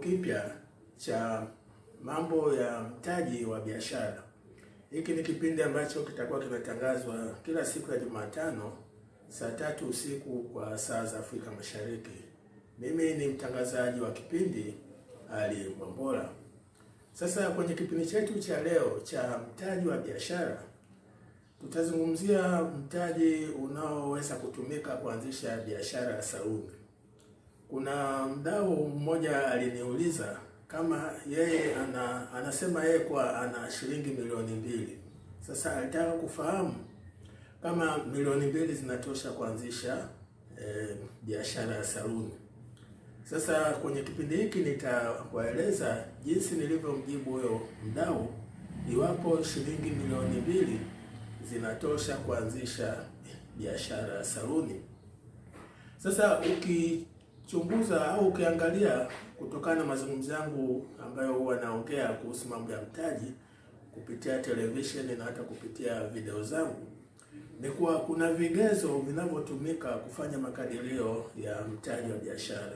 kipya cha mambo ya mtaji wa biashara. Hiki ni kipindi ambacho kitakuwa kimetangazwa kila siku ya Jumatano saa tatu usiku kwa saa za Afrika Mashariki. Mimi ni mtangazaji wa kipindi Ali Mwambola. Sasa kwenye kipindi chetu cha leo cha mtaji wa biashara tutazungumzia mtaji unaoweza kutumika kuanzisha biashara ya saluni kuna mdau mmoja aliniuliza kama yeye ana, anasema yeye kwa ana shilingi milioni mbili. Sasa alitaka kufahamu kama milioni mbili zinatosha kuanzisha eh, biashara e, ya saluni. Sasa kwenye kipindi hiki nitakueleza jinsi nilivyomjibu huyo mdau iwapo shilingi milioni mbili zinatosha kuanzisha biashara ya saluni. Sasa uki chunguza au ukiangalia kutokana na mazungumzo yangu ambayo huwa naongea kuhusu mambo ya mtaji kupitia televisheni na hata kupitia video zangu, ni kuwa kuna vigezo vinavyotumika kufanya makadirio ya mtaji wa biashara.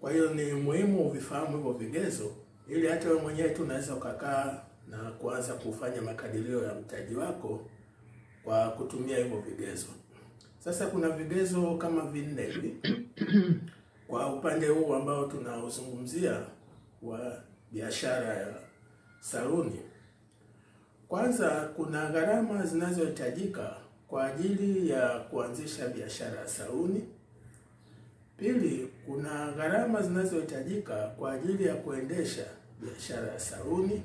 Kwa hiyo ni muhimu uvifahamu hivyo vigezo, ili hata wewe mwenyewe tu unaweza ukakaa na kuanza kufanya makadirio ya mtaji wako kwa kutumia hivyo vigezo. Sasa kuna vigezo kama vinne hivi kwa upande huu ambao tunaozungumzia wa biashara ya saluni, kwanza kuna gharama zinazohitajika kwa ajili ya kuanzisha biashara ya saluni. Pili, kuna gharama zinazohitajika kwa ajili ya kuendesha biashara ya saluni.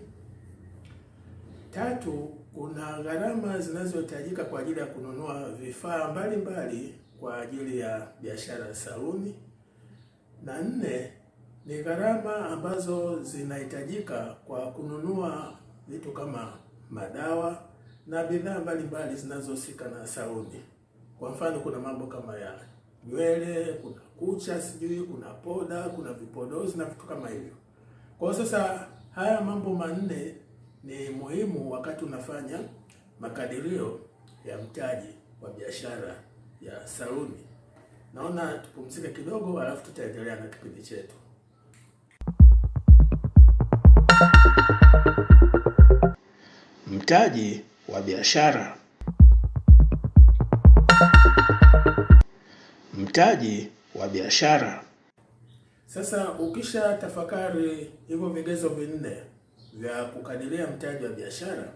Tatu, kuna gharama zinazohitajika kwa ajili ya kununua vifaa mbalimbali kwa ajili ya biashara ya saluni na nne ni gharama ambazo zinahitajika kwa kununua vitu kama madawa na bidhaa mbalimbali zinazohusika na saluni. Kwa mfano, kuna mambo kama ya nywele, kuna kucha, sijui kuna poda, kuna vipodozi na vitu kama hivyo. Kwa sasa haya mambo manne ni muhimu wakati unafanya makadirio ya mtaji wa biashara ya saluni naona tupumzike kidogo, alafu tutaendelea na kipindi chetu. Mtaji wa biashara. Mtaji wa biashara. Sasa ukisha tafakari hivyo vigezo vinne vya kukadiria mtaji wa biashara,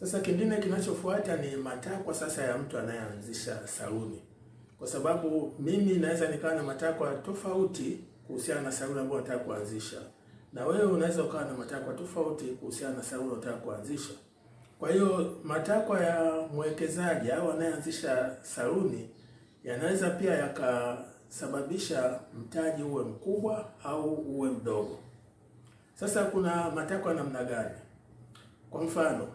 sasa kingine kinachofuata ni matakwa sasa ya mtu anayeanzisha saluni kwa sababu mimi naweza nikawa na matakwa tofauti kuhusiana na saluni ambayo nataka kuanzisha, na wewe unaweza ukawa na matakwa tofauti kuhusiana na saluni unataka kuanzisha. Kwa hiyo matakwa ya mwekezaji au anayeanzisha saluni yanaweza pia yakasababisha mtaji uwe mkubwa au uwe mdogo. Sasa kuna matakwa namna gani? Kwa mfano,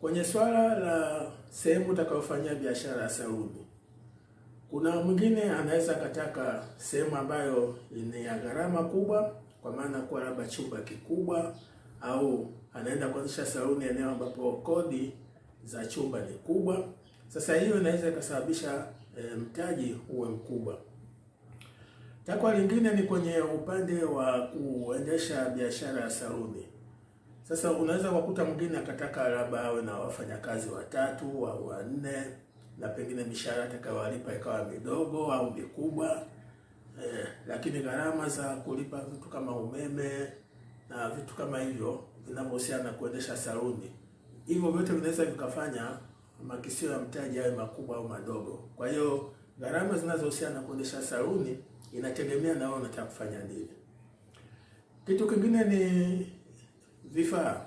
kwenye swala la sehemu utakayofanyia biashara ya saluni kuna mwingine anaweza akataka sehemu ambayo ni ya gharama kubwa, kwa maana kuwa labda chumba kikubwa, au anaenda kuanzisha saluni eneo ambapo kodi za chumba ni kubwa. Sasa hiyo inaweza ikasababisha e, mtaji uwe mkubwa. Takwa lingine ni kwenye upande wa kuendesha biashara ya saluni. Sasa unaweza kukuta mwingine akataka labda awe na wafanyakazi watatu au wanne na pengine mishahara atakayowalipa ikawa midogo au mikubwa eh, lakini gharama za kulipa vitu kama umeme na vitu kama hivyo vinavyohusiana na kuendesha saluni, hivyo vyote vinaweza vikafanya makisio ya mtaji awe makubwa au madogo. Kwa hiyo gharama zinazohusiana na kuendesha saluni inategemea na wewe unataka kufanya nini. Kitu kingine ni vifaa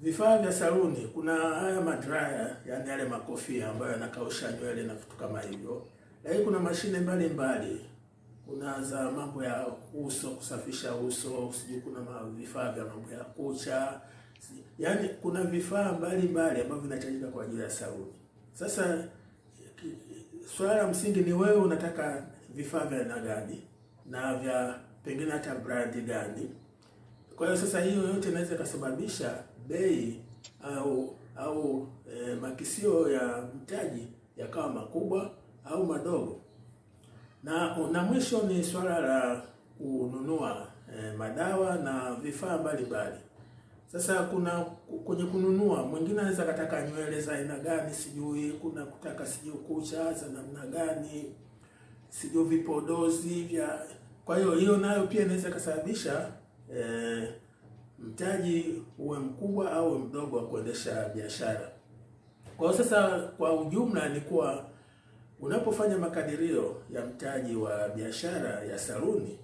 Vifaa vya saluni, kuna haya madraya, yani yale makofia ambayo yanakausha nywele na vitu kama hivyo, lakini kuna mashine mbalimbali, kuna za mambo ya uso, kusafisha uso, sijui kuna vifaa vya mambo ya kucha, yani kuna vifaa mbalimbali ambavyo vinahitajika kwa ajili ya saluni. Sasa swala la msingi ni wewe unataka vifaa vya aina gani na vya pengine hata brand gani. Kwa hiyo sasa hiyo yote inaweza ikasababisha bei au au e, makisio ya mtaji yakawa makubwa au madogo. Na na mwisho ni swala la kununua e, madawa na vifaa mbalimbali. Sasa kuna kwenye kununua, mwingine anaweza kataka nywele za aina gani, sijui kuna kutaka sijui kucha za namna gani, sijui vipodozi vya. Kwa hiyo hiyo nayo pia inaweza ikasababisha e, mtaji uwe mkubwa au mdogo wa kuendesha biashara. Kwa sasa, kwa ujumla ni kuwa unapofanya makadirio ya mtaji wa biashara ya saluni,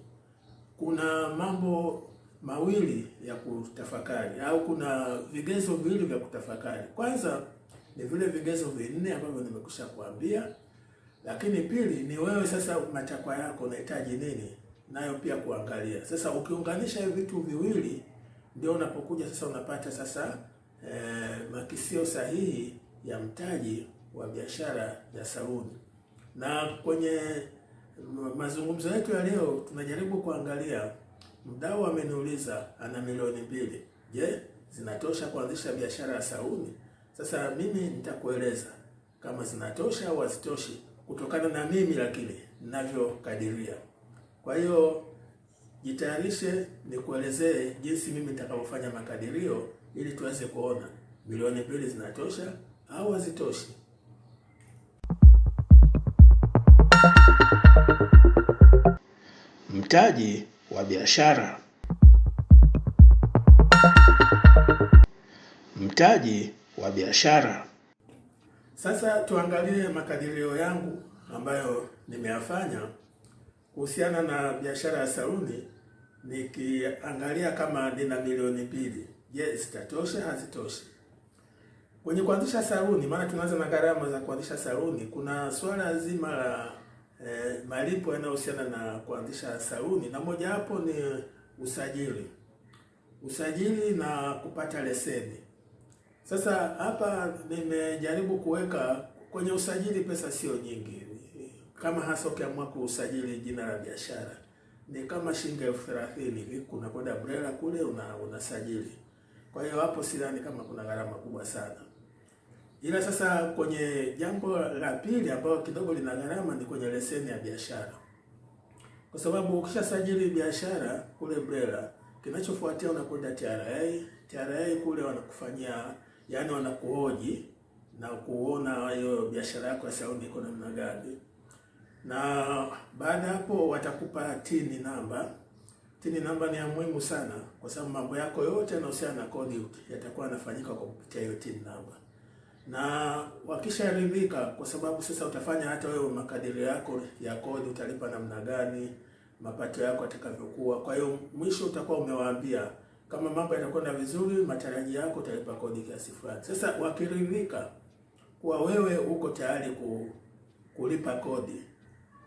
kuna mambo mawili ya kutafakari au kuna vigezo viwili vya kutafakari. Kwanza ni vile vigezo vinne ambavyo nimekusha kuambia, lakini pili ni wewe sasa, matakwa yako unahitaji nini, nayo pia kuangalia. Sasa ukiunganisha hivi vitu viwili ndio unapokuja sasa unapata sasa eh, makisio sahihi ya mtaji wa biashara ya saluni. Na kwenye mazungumzo yetu ya leo tunajaribu kuangalia, mdau ameniuliza ana milioni mbili, je, zinatosha kuanzisha biashara ya saluni? Sasa mimi nitakueleza kama zinatosha au hazitoshi kutokana na mimi, lakini ninavyokadiria. Kwa hiyo Jitayarishe nikuelezee jinsi mimi nitakavyofanya makadirio ili tuweze kuona milioni mbili zinatosha au hazitoshi. Mtaji wa biashara. Mtaji wa biashara. Sasa tuangalie makadirio yangu ambayo nimeyafanya kuhusiana na biashara ya sauni nikiangalia kama nina milioni mbili, je, zitatosha? Hazitoshi kwenye kuanzisha sauni maana tunaanza na gharama za kuanzisha sauni Kuna swala zima la eh, malipo yanayohusiana na kuanzisha sauni na moja hapo ni usajili, usajili na kupata leseni. Sasa hapa nimejaribu kuweka kwenye usajili, pesa sio nyingi kama hasa ukiamua kusajili jina la biashara ni kama shilingi elfu thelathini hivi, unakwenda BRELA kule una, unasajili. Kwa hiyo hapo sidhani kama kuna gharama kubwa sana, ila sasa kwenye jambo la pili ambalo kidogo lina gharama ni kwenye leseni ya biashara, kwa sababu ukishasajili biashara kule BRELA kinachofuatia unakwenda TRA. TRA kule wanakufanyia yani, wanakuhoji na kuona hiyo biashara yako ya saluni iko namna gani na baada hapo watakupa tini namba. Tini namba ni ya muhimu sana, kwa sababu mambo yako yote yanahusiana na kodi yatakuwa yanafanyika kwa kupitia hiyo tini namba, na wakisharidhika, kwa sababu sasa utafanya hata wewe makadirio yako ya kodi, utalipa namna gani, mapato yako atakavyokuwa. Kwa hiyo mwisho utakuwa umewaambia kama mambo yatakwenda vizuri, mataraji yako utalipa kodi kiasi fulani. Sasa wakiridhika kuwa wewe uko tayari ku, kulipa kodi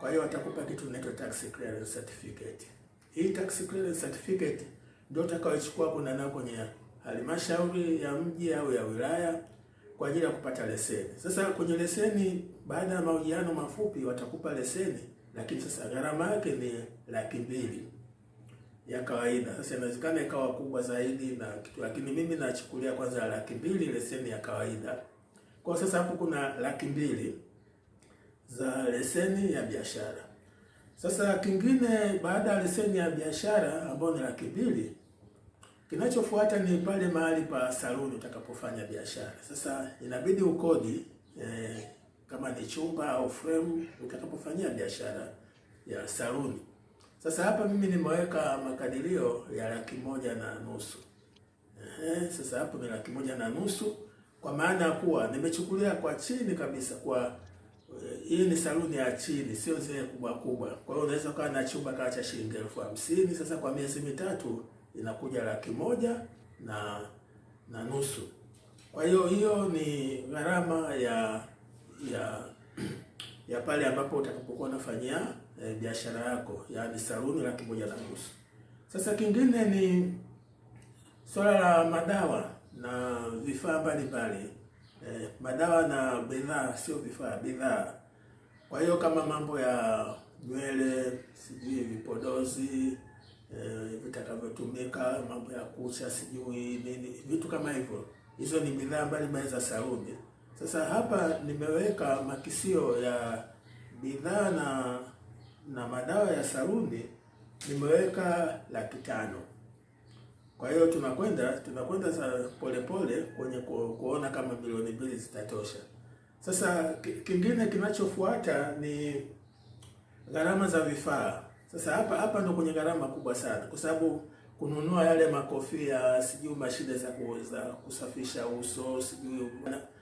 kwa hiyo watakupa kitu kinaitwa tax clearance certificate. Hii tax clearance certificate ndio utakaoichukua kuna nao kwenye halmashauri ya mji au ya wilaya kwa ajili ya kupata leseni. Sasa kwenye leseni, baada ya mahojiano mafupi watakupa leseni, lakini sasa gharama yake ni laki mbili ya kawaida. Sasa inawezekana ikawa kubwa zaidi na kitu, lakini mimi nachukulia kwanza laki mbili leseni ya kawaida. Kwa sasa hapo kuna laki mbili za leseni ya biashara. Sasa kingine baada ya leseni ya biashara ambayo ni laki mbili, kinachofuata ni pale mahali pa saluni utakapofanya biashara. Sasa inabidi ukodi eh, kama ni chumba au fremu utakapofanyia biashara ya saluni. Sasa hapa mimi nimeweka makadirio ya laki moja na nusu. Ehe, sasa hapo ni laki moja na nusu kwa maana ya kuwa nimechukulia kwa chini kabisa kwa hii ni saluni ya chini, sio zile kubwa kubwa. Kwa hiyo unaweza ukawa na chumba kaa cha shilingi elfu hamsini. Sasa kwa miezi mitatu inakuja laki moja na na nusu. Kwa hiyo hiyo ni gharama ya ya ya pale ambapo utakapokuwa unafanyia e, biashara yako, yaani saluni laki moja na nusu. Sasa kingine ni swala la madawa na vifaa mbalimbali eh, madawa na bidhaa sio vifaa, bidhaa. Kwa hiyo kama mambo ya nywele, sijui vipodozi eh, vitakavyotumika, mambo ya kucha, sijui nini, vitu kama hivyo, hizo ni bidhaa mbalimbali za saluni. Sasa hapa nimeweka makisio ya bidhaa na na madawa ya saluni nimeweka laki tano. Kwa hiyo tunakwenda tunakwenda polepole kwenye kuona kama bilioni mbili zitatosha. Sasa kingine kinachofuata ni gharama za vifaa. Sasa hapa hapa ndo kwenye gharama kubwa sana, kwa sababu kununua yale makofia, sijui mashine za kuweza kusafisha uso, sijui.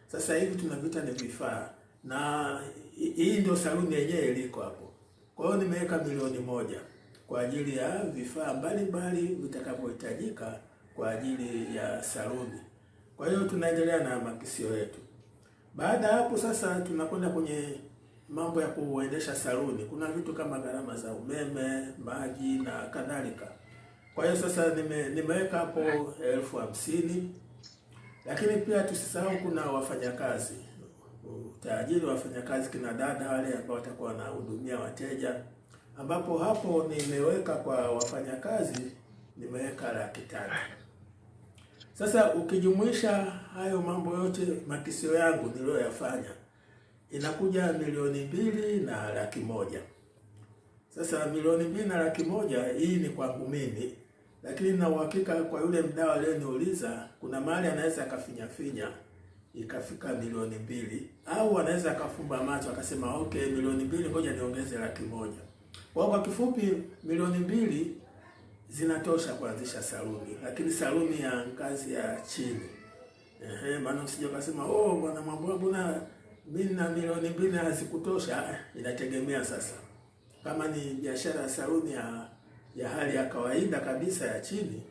Sasa hivi tunavita ni vifaa, na hii ndio saluni yenyewe iliko hapo. Kwa hiyo nimeweka milioni moja kwa ajili ya vifaa mbalimbali vitakavyohitajika kwa ajili ya saluni. Kwa hiyo tunaendelea na makisio yetu. Baada ya hapo sasa, tunakwenda kwenye mambo ya kuendesha saluni. Kuna vitu kama gharama za umeme, maji na kadhalika. Kwa hiyo sasa nime, nimeweka hapo elfu hamsini, lakini pia tusisahau kuna wafanyakazi, utaajiri wafanyakazi kina dada wale ambao watakuwa wanahudumia wateja ambapo hapo nimeweka kwa wafanyakazi nimeweka laki tatu. Sasa ukijumuisha hayo mambo yote makisio yangu niliyoyafanya inakuja milioni mbili na laki moja. Sasa milioni mbili na laki moja hii ni kwangu mimi, lakini na uhakika kwa yule mdau aliyeniuliza, kuna mahali anaweza akafinyafinya ikafika milioni mbili, au anaweza akafumba macho akasema okay, milioni mbili, ngoja niongeze laki moja. Kwa kwa kifupi, milioni mbili zinatosha kuanzisha saluni, lakini saluni ya ngazi ya chini. Ehe, maana usije ukasema oh, bwana Mwambura na mimi na milioni mbili hazikutosha. Inategemea sasa, kama ni biashara ya saluni ya ya hali ya kawaida kabisa ya chini,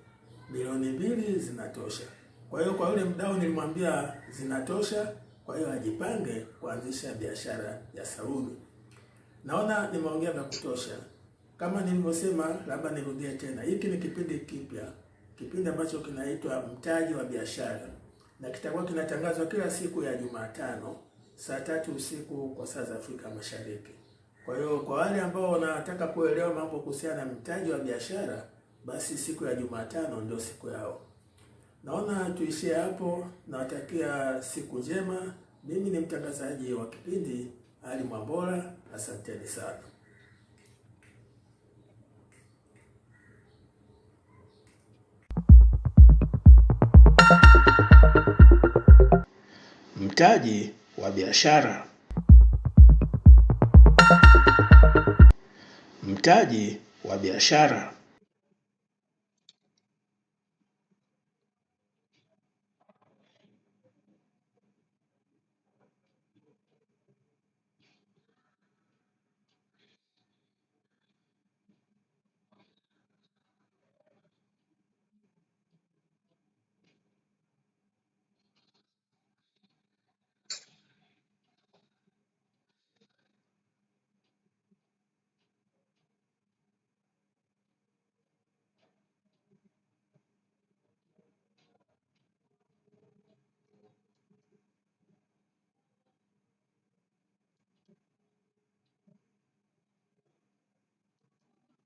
milioni mbili zinatosha. Kwa hiyo kwa yule mdau nilimwambia zinatosha, kwa hiyo ajipange kuanzisha biashara ya saluni. Naona nimeongea vya kutosha. Kama nilivyosema, labda nirudie tena, hiki ni kipindi kipya, kipindi ambacho kinaitwa Mtaji wa Biashara, na kitakuwa kinatangazwa kila siku ya Jumatano saa tatu usiku kwa saa za Afrika Mashariki. Kwa hiyo kwa wale ambao wanataka kuelewa mambo kuhusiana na mtaji wa biashara, basi siku ya Jumatano ndio siku yao. Naona tuishie hapo. Nawatakia siku njema. Mimi ni mtangazaji wa kipindi ali Mwambola, asanteni sana. Mtaji wa biashara. Mtaji wa biashara.